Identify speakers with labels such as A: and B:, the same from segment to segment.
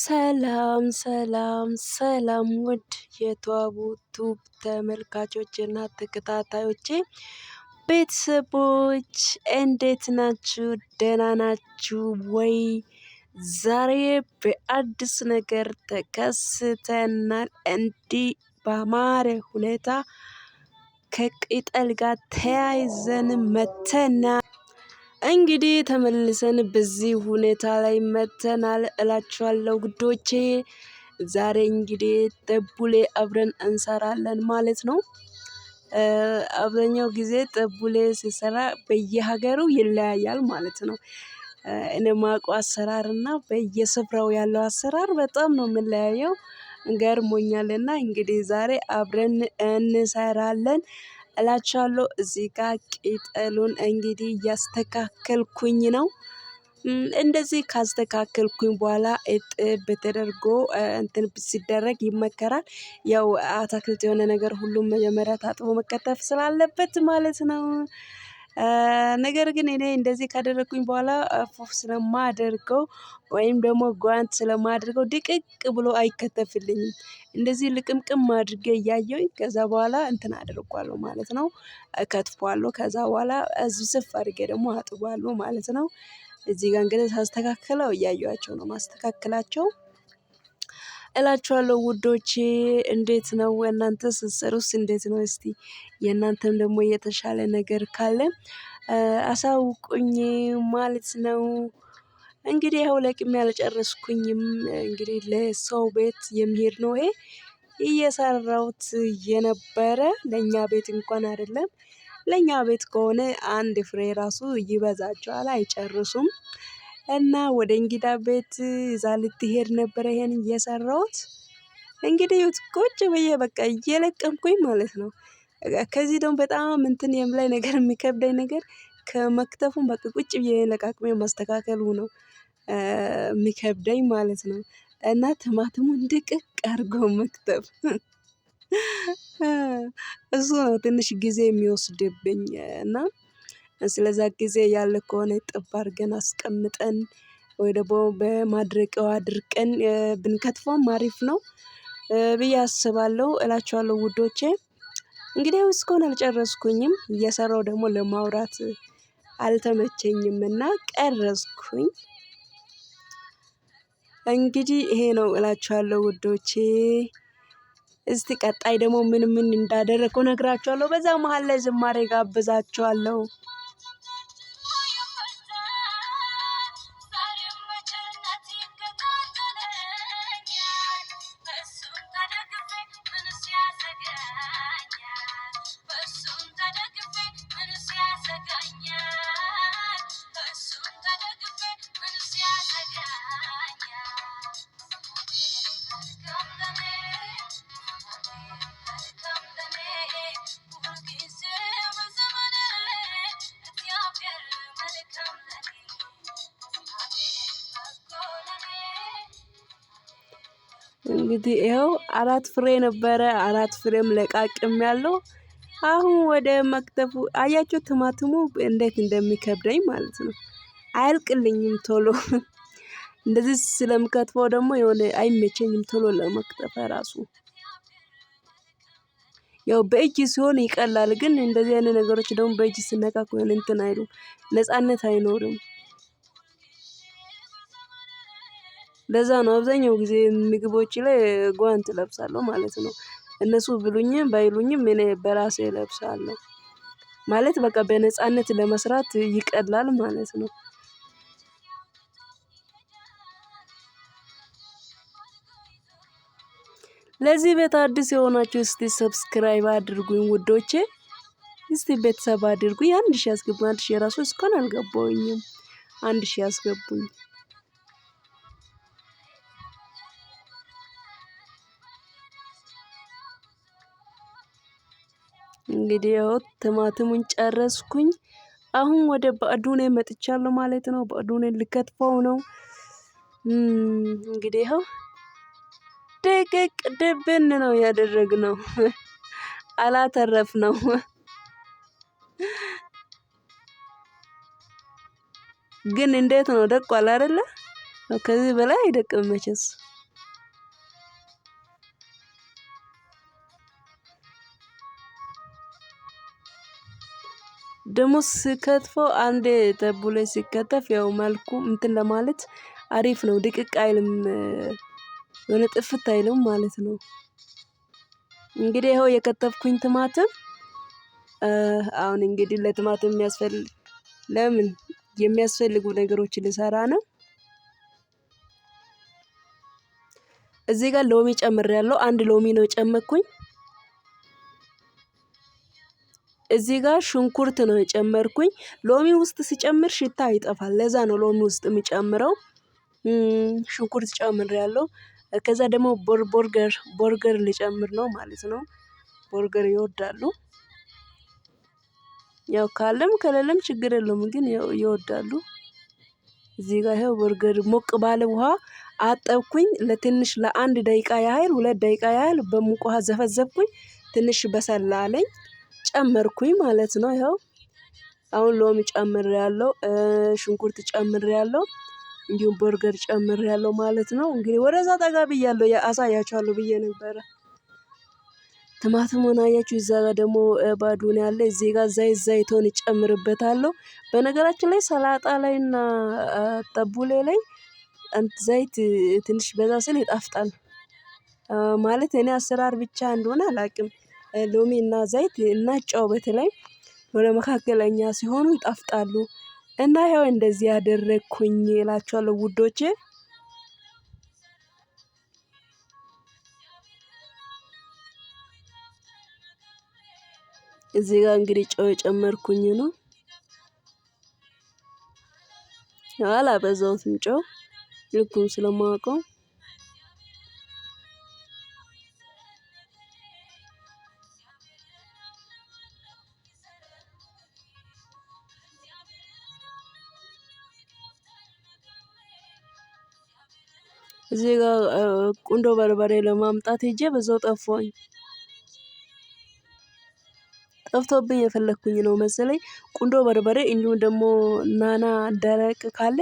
A: ሰላም ሰላም ሰላም ውድ የተዋቡ ቱብ ተመልካቾች እና ተከታታዮቼ ቤተሰቦች እንዴት ናችሁ? ደህና ናችሁ ወይ? ዛሬ በአዲስ ነገር ተከስተናል። እንዲህ በአማረ ሁኔታ ከቅጠል ጋር ተያይዘን መተናል። እንግዲህ ተመልሰን በዚህ ሁኔታ ላይ መተናል እላችኋለሁ ግዶቼ። ዛሬ እንግዲህ ጠቡሌ አብረን እንሰራለን ማለት ነው። አብዛኛው ጊዜ ጠቡሌ ሲሰራ በየሀገሩ ይለያያል ማለት ነው። እኔ ማቁ አሰራር እና በየስፍራው ያለው አሰራር በጣም ነው የምለያየው ገርሞኛልና እንግዲህ ዛሬ አብረን እንሰራለን። እላችኋለሁ። እዚህ ጋር ቅጠሉን እንግዲህ እያስተካከልኩኝ ነው። እንደዚህ ካስተካከልኩኝ በኋላ እጥብ ተደርጎ እንትን ሲደረግ ይመከራል። ያው አታክልት የሆነ ነገር ሁሉም መጀመሪያ ታጥቦ መከተፍ ስላለበት ማለት ነው። ነገር ግን እኔ እንደዚህ ካደረግኩኝ በኋላ ፎፍ ስለማደርገው ወይም ደግሞ ጓንት ስለማደርገው ድቅቅ ብሎ አይከተፍልኝም። እንደዚህ ልቅምቅም አድርጌ እያየሁኝ ከዛ በኋላ እንትን አደርጓለሁ ማለት ነው። ከትፏለሁ ከዛ በኋላ ስፍ አድርጌ ደግሞ አጥቧለሁ ማለት ነው። እዚህ ጋር እንግዲህ ሳስተካክለው እያየኋቸው ነው ማስተካከላቸው እላችኋለሁ ውዶቼ እንዴት ነው እናንተ ስትሰሩስ እንዴት ነው? እስቲ የእናንተም ደግሞ የተሻለ ነገር ካለ አሳውቁኝ ማለት ነው። እንግዲህ ይኸው ለቅሜ ያልጨረስኩኝም እንግዲህ ለሰው ቤት የሚሄድ ነው ይሄ እየሰራሁት የነበረ ለእኛ ቤት እንኳን አይደለም። ለእኛ ቤት ከሆነ አንድ ፍሬ ራሱ ይበዛቸዋል አይጨርሱም። እና ወደ እንግዳ ቤት ይዛ ልትሄድ ነበረ ይሄን እየሰራሁት እንግዲህ ቁጭ ብዬ በቃ እየለቀምኩኝ ማለት ነው። ከዚህ ደግሞ በጣም እንትን የምላይ ነገር የሚከብዳኝ ነገር ከመክተፉም በቃ ቁጭ ብዬ ለቃቅሜ ማስተካከሉ ነው የሚከብደኝ ማለት ነው። እና ቲማቲሙን ድቅቅ አድርጎ መክተፍ እሱ ነው ትንሽ ጊዜ የሚወስድብኝ እና ስለዛ ጊዜ ያለ ከሆነ ጥብ አድርገን አስቀምጠን ወይ ደግሞ በማድረቂያው አድርቀን ብንከትፈውም አሪፍ ነው ብዬ አስባለሁ እላችኋለሁ ውዶቼ። እንግዲህ እስካሁን አልጨረስኩኝም እየሰራው ደግሞ ለማውራት አልተመቸኝም እና ቀረስኩኝ። እንግዲህ ይሄ ነው እላችኋለሁ ውዶቼ። እስቲ ቀጣይ ደግሞ ምን ምን እንዳደረግኩ ነግራችኋለሁ። በዛ መሀል ላይ ዝማሬ ጋብዛችኋለሁ። እንግዲህ ይኸው አራት ፍሬ ነበረ። አራት ፍሬም ለቃቅም ያለው አሁን ወደ መክተፉ አያቸው ትማትሙ እንዴት እንደሚከብደኝ ማለት ነው። አያልቅልኝም ቶሎ እንደዚህ ስለምከትፈው ደግሞ የሆነ አይመቸኝም ቶሎ ለመክተፍ ራሱ። ያው በእጅ ሲሆን ይቀላል፣ ግን እንደዚህ አይነት ነገሮች ደግሞ በእጅ ስነካኩ እንትን አይሉም፣ ነፃነት አይኖርም። ለዛ ነው አብዛኛው ጊዜ ምግቦች ላይ ጓንት እለብሳለሁ ማለት ነው። እነሱ ብሉኝም ባይሉኝም እኔ በራሴ እለብሳለሁ። ማለት በቃ በነፃነት ለመስራት ይቀላል ማለት ነው። ለዚህ ቤት አዲስ የሆናችሁ እስቲ ሰብስክራይብ አድርጉኝ ውዶቼ። እስቲ ቤተሰብ አድርጉኝ አንድ ሺ አስገቡኝ አንድ ሺ የራሱ እስካሁን አልገባውኝም። አንድ ሺ አስገቡኝ እንግዲህ ያው ቲማቲሙን ጨረስኩኝ። አሁን ወደ ባዕዱኔ መጥቻለሁ ማለት ነው። ባዕዱኔን ልከትፈው ነው። እንግዲህ ይኸው ደቅቅ ድብን ነው ነው አላተረፍ ነው። ግን እንዴት ነው ደቋል አይደለ? ከዚህ በላይ አይደቅም መቼስ። ደግሞ ስከትፎ አንዴ ጠቡ ሲከተፍ ያው መልኩ እንትን ለማለት አሪፍ ነው። ድቅቅ አይልም የሆነ ጥፍት አይልም ማለት ነው። እንግዲህ ይኸው የከተፍኩኝ ቲማቲም አሁን እንግዲህ ለቲማቲም የሚያስፈልግ ለምን የሚያስፈልጉ ነገሮች ልሰራ ነው። እዚህ ጋር ሎሚ ጨምሬያለሁ። አንድ ሎሚ ነው ጨመኩኝ? እዚህ ጋር ሽንኩርት ነው የጨመርኩኝ። ሎሚ ውስጥ ሲጨምር ሽታ ይጠፋል። ለዛ ነው ሎሚ ውስጥ የሚጨምረው። ሽንኩርት ጨምር ያለው ከዛ ደግሞ ቦርገር ቦርገር ሊጨምር ነው ማለት ነው። ቦርገር ይወዳሉ። ያው ካለም ከሌለም ችግር የለውም ግን ይወዳሉ። እዚህ ጋር ይኸው በርገር ሞቅ ባለ ውሃ አጠብኩኝ ለትንሽ ለአንድ ደቂቃ ያህል ሁለት ደቂቃ ያህል በሙቅ ውሃ ዘፈዘፍኩኝ። ትንሽ በሰላ አለኝ ጨመርኩኝ ማለት ነው። ይኸው አሁን ሎሚ ያለው ሽንኩርት ያለው እንዲሁም በርገር ያለው ማለት ነው። እንግዲህ ወደዛ ጠጋ ብያለሁ፣ አሳያችኋለሁ ብዬ ነበረ። ትማትም ቲማቲሙን አያችሁ፣ እዛ ጋር ደግሞ ባዱን ያለ እዚህ ጋር ዘይት ዘይቶን ይጨምርበታለሁ። በነገራችን ላይ ሰላጣ ላይ ላይና ጠቡሌ ላይ ዘይት ትንሽ በዛ ስል ይጣፍጣል ማለት እኔ አሰራር ብቻ እንደሆነ አላቅም። ሎሚ እና ዘይት እና ጨው በተለይ ወደ መካከለኛ ሲሆኑ ይጣፍጣሉ። እና ይኸው እንደዚህ ያደረግኩኝ እላችኋለሁ ውዶቼ። እዚህ ጋር እንግዲህ ጨው የጨመርኩኝ ነው። አላበዛሁትም ጨው ልኩም ስለማውቀው እዚህ ጋር ቁንዶ በርበሬ ለማምጣት ሄጄ በዛው ጠፋኝ። ጠፍቶብኝ የፈለግኩኝ ነው መሰለኝ ቁንዶ በርበሬ እንዲሁም ደግሞ ናና ደረቅ ካለ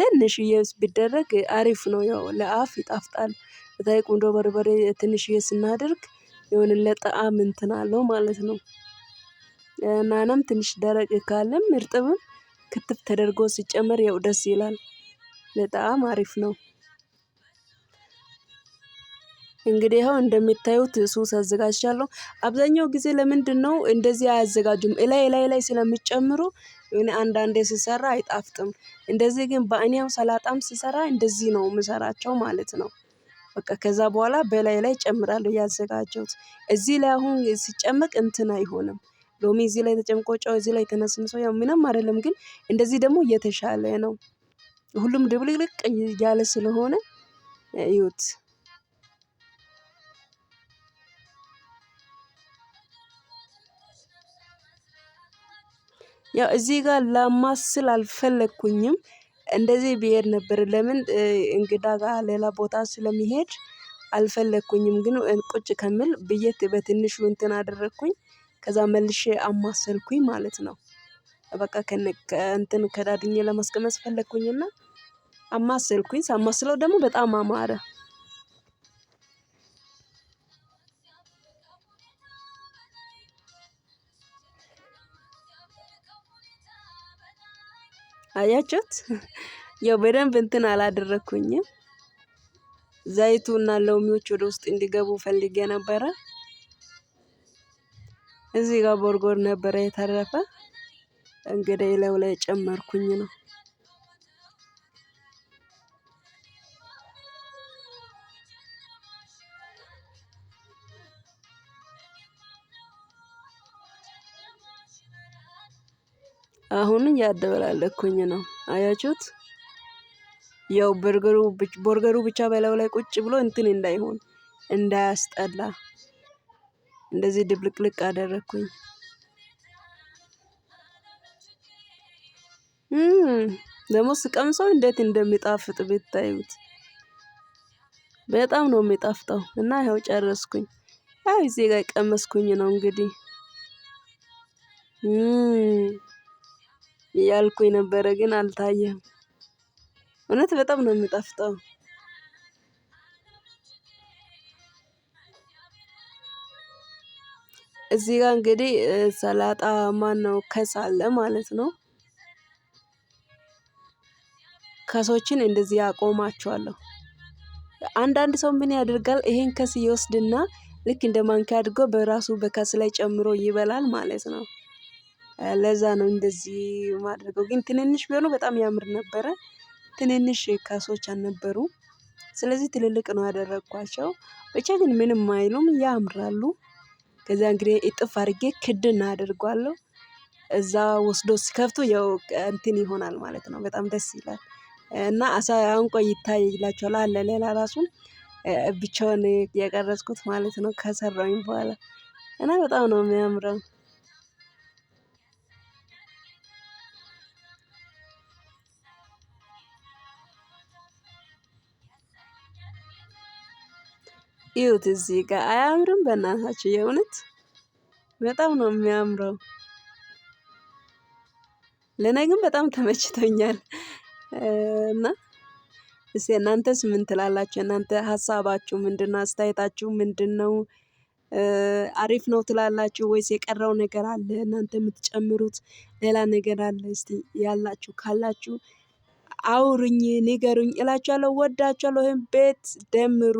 A: ትንሽዬ ቢደረግ አሪፍ ነው። ያው ለአፍ ይጣፍጣል በተለይ ቁንዶ በርበሬ ትንሽዬ ስናደርግ የሆነ ለጣዕም እንትን አለው ማለት ነው። ናናም ትንሽ ደረቅ ካለም እርጥብም ክትፍ ተደርጎ ሲጨመር ያው ደስ ይላል። ለጣዕም አሪፍ ነው እንግዲህ ይኸው እንደሚታዩት ሱስ አዘጋጅቻለሁ። አብዛኛው ጊዜ ለምንድነው እንደዚህ አያዘጋጁም? እላይ ላይ ላይ ስለሚጨምሩ አንዳንዴ ስሰራ አይጣፍጥም። እንደዚህ ግን በእኔው ሰላጣም ስሰራ እንደዚህ ነው ምሰራቸው ማለት ነው። በቃ ከዛ በኋላ በላይ ላይ ጨምራለሁ ያዘጋጀሁት እዚህ ላይ አሁን ሲጨመቅ እንትን አይሆንም። ሎሚ እዚህ ላይ ተጨምቆ ጨው እዚህ ላይ ተነስንሶ ያው ምንም አይደለም። ግን እንደዚህ ደግሞ እየተሻለ ነው። ሁሉም ድብልቅልቅ ያለ ስለሆነ ይዩት። ያው እዚህ ጋር ላማስል አልፈለግኩኝም። እንደዚህ ብሄድ ነበር ለምን እንግዳ ጋር ሌላ ቦታ ስለሚሄድ አልፈለግኩኝም። ግን ቁጭ ከምል ብየት በትንሹ እንትን አደረግኩኝ ከዛ መልሼ አማሰልኩኝ ማለት ነው። በቃ ከእንትን ከዳድኜ ለማስቀመስ ፈለግኩኝና አማሰልኩኝ ሳማስለው ደግሞ በጣም አማረ አያችሁት? ያው በደንብ እንትን አላደረኩኝም። እና ሎሚዎች ወደ ውስጥ እንዲገቡ ፈልጌ ነበረ። እዚህ ጋር ቦርጎር ነበረ የተረፈ እንግዲህ ለው ላይ ጨመርኩኝ ነው። አሁን ያደበላለኩኝ ነው አያችሁት? ያው በርገሩ በርገሩ ብቻ በላዩ ላይ ቁጭ ብሎ እንትን እንዳይሆን እንዳያስጠላ እንደዚህ ድብልቅልቅ አደረግኩኝ። ደግሞ ስቀምሰው እንዴት እንደሚጣፍጥ ብታዩት በጣም ነው የሚጣፍጠው። እና ይኸው ጨረስኩኝ። ያው እዚህ ጋር ቀመስኩኝ ነው እንግዲህ እያልኩኝ ነበረ ግን አልታየም። እውነት በጣም ነው የሚጠፍጠው። እዚህ ጋር እንግዲህ ሰላጣ ማን ነው ከሳለ ማለት ነው። ከሶችን እንደዚህ ያቆማቸዋለሁ። አንዳንድ ሰው ምን ያደርጋል? ይሄን ከስ ይወስድና ልክ እንደ ማንኪያ አድርጎ በራሱ በከስ ላይ ጨምሮ ይበላል ማለት ነው። ለዛ ነው እንደዚህ ማድረገው። ግን ትንንሽ ቢሆኑ በጣም ያምር ነበረ። ትንንሽ ካሶች አልነበሩ። ስለዚህ ትልልቅ ነው ያደረግኳቸው። ብቻ ግን ምንም አይሉም ያምራሉ። ከዛ እንግዲህ እጥፍ አድርጌ ክድን አደርጓለሁ። እዛ ወስዶ ሲከፍቱ ያው እንትን ይሆናል ማለት ነው። በጣም ደስ ይላል። እና አሳ አሁን አንቆ ይታይላችኋል አለ ሌላ ራሱ ብቻውን የቀረጽኩት ማለት ነው። ከሰራሁኝ በኋላ እና በጣም ነው የሚያምረው እዩት እዚህ ጋር አያምርም? በእናታችሁ የእውነት በጣም ነው የሚያምረው። ለእኔ ግን በጣም ተመችቶኛል እና እስ እናንተስ ምን ትላላችሁ? እናንተ ሀሳባችሁ ምንድን ነው? አስተያየታችሁ ምንድን ነው? አሪፍ ነው ትላላችሁ ወይስ የቀረው ነገር አለ? እናንተ የምትጨምሩት ሌላ ነገር አለ? እስቲ ያላችሁ ካላችሁ አውሩኝ፣ ንገሩኝ እላችኋለሁ። ወዳችኋለሁ። ይህም ቤት ደምሩ።